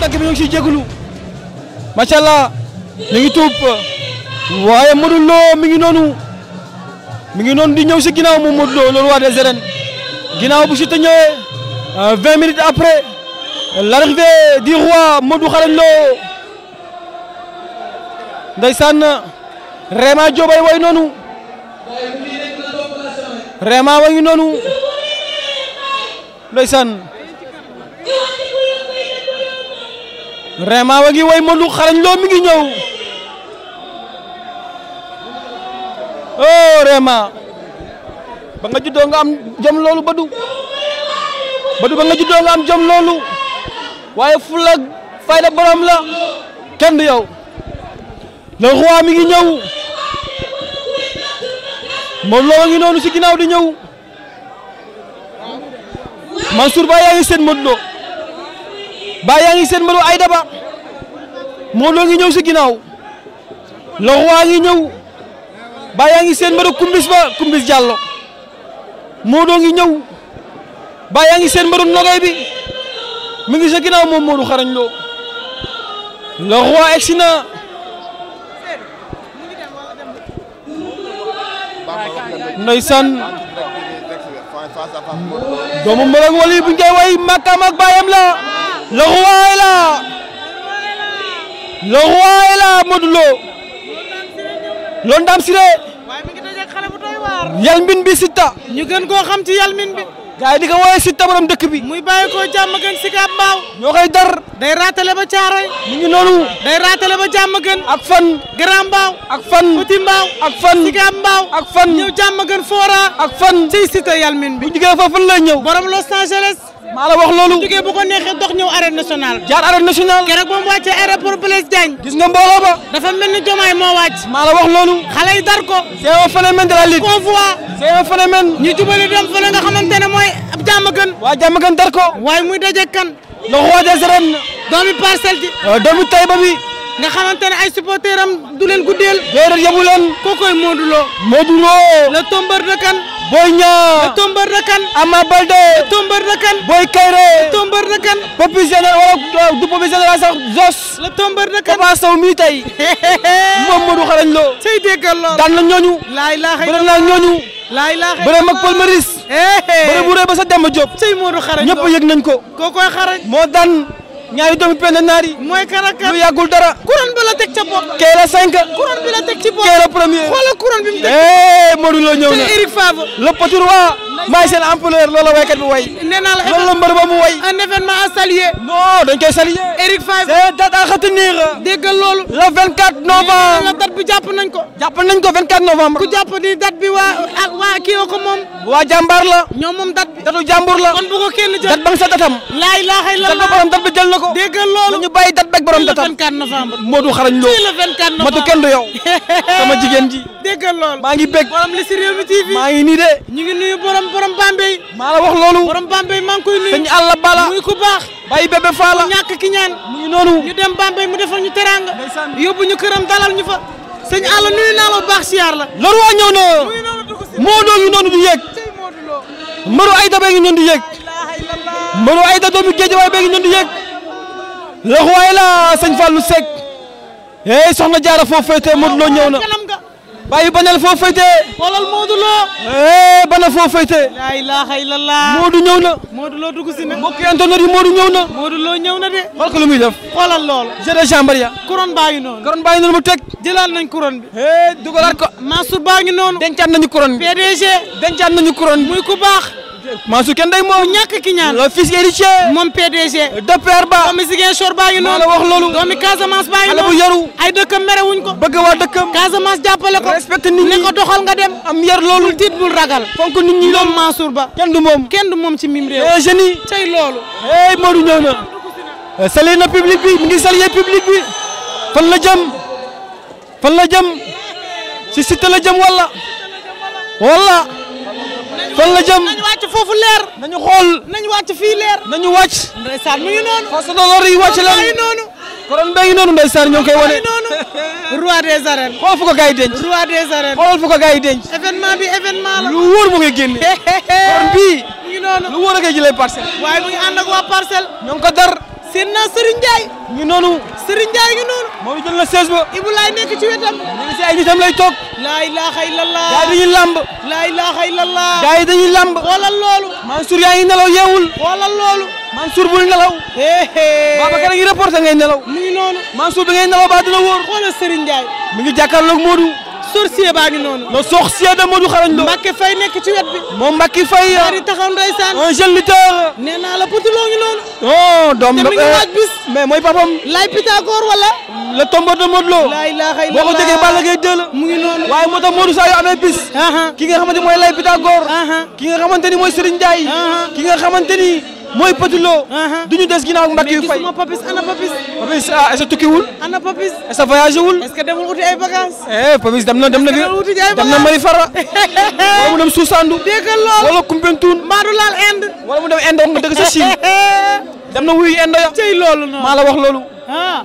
dagg bi ñu ngi siy jégalu macha allah ñu ngi waaye Modou Lo mi ngi noonu mi ngi noonu di ñëw si ginnaaw moom Modou Lo loolu waa des arènes ginnaaw bu si te ñëwee euh, minutes après l'arrivée du roi Modou Xarañ Lo ndeysaan Réma Diop ay way noonu Réma wayu noonu ndeysaan Rema wa ngi way Modou Lo xarañ loo mi ngi ñëw oh ba nga juddoo nga am jom loolu Badou ba nga juddoo jom loolu waaye fulla fayda borom la kenn du yow le roi mi ngi ñëw Modou wa ngi noonu si ginnaaw di ñëw Mansour Ba yaa ngi seen Modou Lo ba yaa ngi seen Modou Ayda Ba Modou Lo ngi ñëw si ginnaaw le roi ngi ñëw ba yaa ngi seen mbaru kumbis ba kumbis Diallo Modou Lo ngi ñëw ba yaa ngi seen mbaru nogay bi ngi sa ginnaaw moom Modou xarañ Lo le roi egsi na ndeysaan doomu mbërëg wali way màkkaam ak baayam la le roi la le roi est là Modou Lo loolu Dame Siré bi Siteu ñu gën koo xam ci yalmin bi gaay di ko wooyee Siteu borom dëkk bi muy bàyyi koo jàmm gën si kaab mbaaw ñoo koy dar day raatale ba caaroy ñu noonu day raatale ba jàmm gën ak fan grand mbaaw ak fan petit mbaaw ak fan si mbaaw ak fan ñëw jàmm gën foora ak fan si Siteu yalmin bi bu jigee fa fan ñëw maa la wax loolu. jógee bu ko neexee dox ñëw arène nationale. jaar arène nationale. keroog ba mu wàccee aéroport Blaise gis nga mbooloo dafa mel ni jomaay moo wàcc. maa la wax loolu. xale yi dar ko. c' est un phénomène de la lutte. convoi. c' est un phénomène. ñu jubali dem fële nga xamante mooy ab jàmmagan. waa jàmmagan muy daje kan. le roi doomi parcelle ji. Euh, doomi Taïba nga xamante ne ay supporters am du leen guddeel. déedéet yabu leen. kookoy Modou Lo. le tombeur de Kane. Boy Niang. le tombeur de Kane. Ama Baldé. le tombeur de Kane. Boy Kayré. le tombeur de Kane. Popi général wala du Popi général sax Jos. le tombeur de Kane. Papa Sow mii tey. moom Modou xarañ loo. say déggal lool daan na ñooñu. laay laaxee bëri naa ñooñu. laay laaxee bëri mag Palmaris. bëri bu rëy ba sa Demba Diop. say nañ ko. ñaari doomi penda naar yi mooy karaka lu yàggul dara couronne la teg ca bopp cinq couronne bi la ci bopp kee la premier xoolal couronne bi mu teg Modou Lo ñëw na Eric Favre le petit roi maay seen empereur loola waykat bi way nee la loolu ba mu way un événement à saluer non dañ koy saluer Eric Favre c'est date à retenir déggal la date bi jàpp nañ ko jàpp nañ ko 24 novembre ku jàpp ni date bi waa waa kii ko moom waa jàmbaar datu jàmbur la kon bu ko kenn jël dat ba nga sa datam laa ilaaha illa Allah dat ba borom dat bi jël datam le 24 xarañ loo matu kenn du yow sama jigéen ji déggal ngi bég maa ngi de ñu ngi nuyu borom Bambey maa la wax loolu borom Bambey maa koy nuyu sëñ Alla Bala muy ku baax bàyyi bébé Faala ñàkk ki ñaan ñu dem Bambey mu defal ñu teranga yóbbu ñu këram dalal ñu fa sëñ Alla nuyu naa la baax siyaar la loolu waa ñëw na moo doon ñu noonu du yéeg Modou Aïda bee ngi ñëw di yéeg Modou Aïda doomu géej waaye bee ngi ñëw di yéeg loxo waaye la sëñ Fallou Seck eh soxna jaara foofu féetee Modou Lo ñëw na. bàyyi banal foo fayte xoolal Modou Lo eh banal foo fayte la ilaha illallah Modou ñëw moodu loo Lo dugg si na mbokk internet yi Modou ñëw na Modou Lo ñëw na de xool ko lu muy def xoolal loolu jeu ngi noonu couronne baa ngi noonu mu teg jëlaat nañ couronne bi eh dugalaat ko Mansour baa ngi noonu dencaat nañu couronne bi PDG dencaat nañu couronne muy ku baax Mansour kenn day moom ñàkk ki ñaan le fils héritier moom PDG de père ba doomi Ziguinchor baa ngi noonu doomi Casamance baa ngi noonu bu yaru ay dëkkam merewuñ ko bëgg waa dëkkam Casamance jàppale ko respecte nit ne ko doxal nga dem am yar loolu tiit bul ragal fonk nit ñi loolu Mansour Ba kenn du moom kenn mim réew eh génie loolu hey eh, Modou ñëw na eh, salé bi mi ngi salé public bi fan la jëm fan la jëm si Siteu la jëm wala wala fan la jëm nañu wàcc foofu leer nañu xool nañu wàcc fii leer nañu wàcc ndeysaan mi ngi noonu force de l'ordre yi wàcc leen noonu koron bee ngi noonu ndeysaan ñoo ngi koy wane roi des arènes xool fu ko gars yi denc roi des arènes xoolal fu ko gars yi denc événement bi événement la lu wóor moo koy génne koron bii mu ngi noonu lu wóor a koy jëlee parcelle waaye mu ngi ànd ak waa parcelle ñoo ngi ko dar seen na Serigne Ndiaye. ñu noonu. Serigne Ndiaye ñu noonu. moom jël na sees ba. Ibulaay nekk ci wetam. ñu ngi si ay nitam lay toog. laa ilaaha illallah. gars yi dañuy lamb. laa ilaaha illallah. gars yi dañuy lamb. xoolal loolu. Mansour yaa ngi nelaw yeewul. xoolal loolu. Mansour bul nelaw. Babacar a ngi reporté ngay nelaw. mu ngi noonu. Mansour bi ngay nelaw ba dina wóor. xoolal Serigne Ndiaye. mi ngi jàkkaarloog Modou. sorcier baa ngi noonu. le sorcier de Modou Xarañ Lo. Mbacke Faye nekk ci wet bi. moom Mbacke Faye. a di nee naa la potuloo ngi noonu. non doom la te mi ngi eh, waaj bis. mais mooy papam. lay Pythagore wala. le tombeau de Modou Lo. la boo ko déggee Balla Gaye jël. mu waaye moo tax Modou saa yu amee bis. ki nga xamante ni mooy lay Pythagore. ki nga xamante ni mooy Serigne ki nga xamante ni. mooy Petit Lo. Uh-huh. du ñu des ginnaaw mbagg yu fay mais gisuma wul ana Papis. Papis ah est-ce que tukkiwul. ana Papis est wul. est eh, Papis dem na dem na. dem na Mali Fara. wala mu dem Suusandu. dégg nga lool wala Kumpentuun. mbaa du laal Inde. wala mu dem Inde wax nga dëgg sa Chine. dem na wuyu Inde ya. loolu noonu maa la wax loolu. ah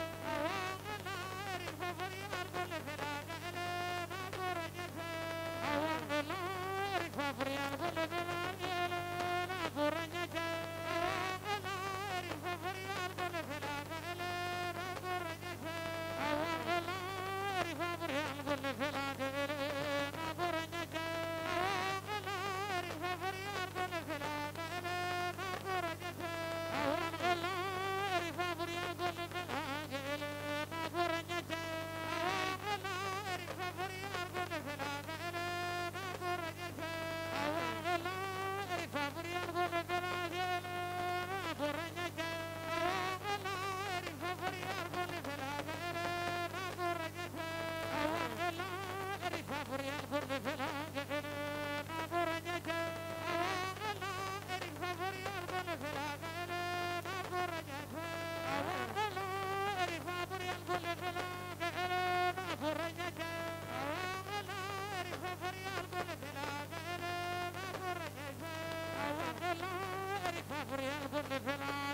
Mm-hmm. Thank you.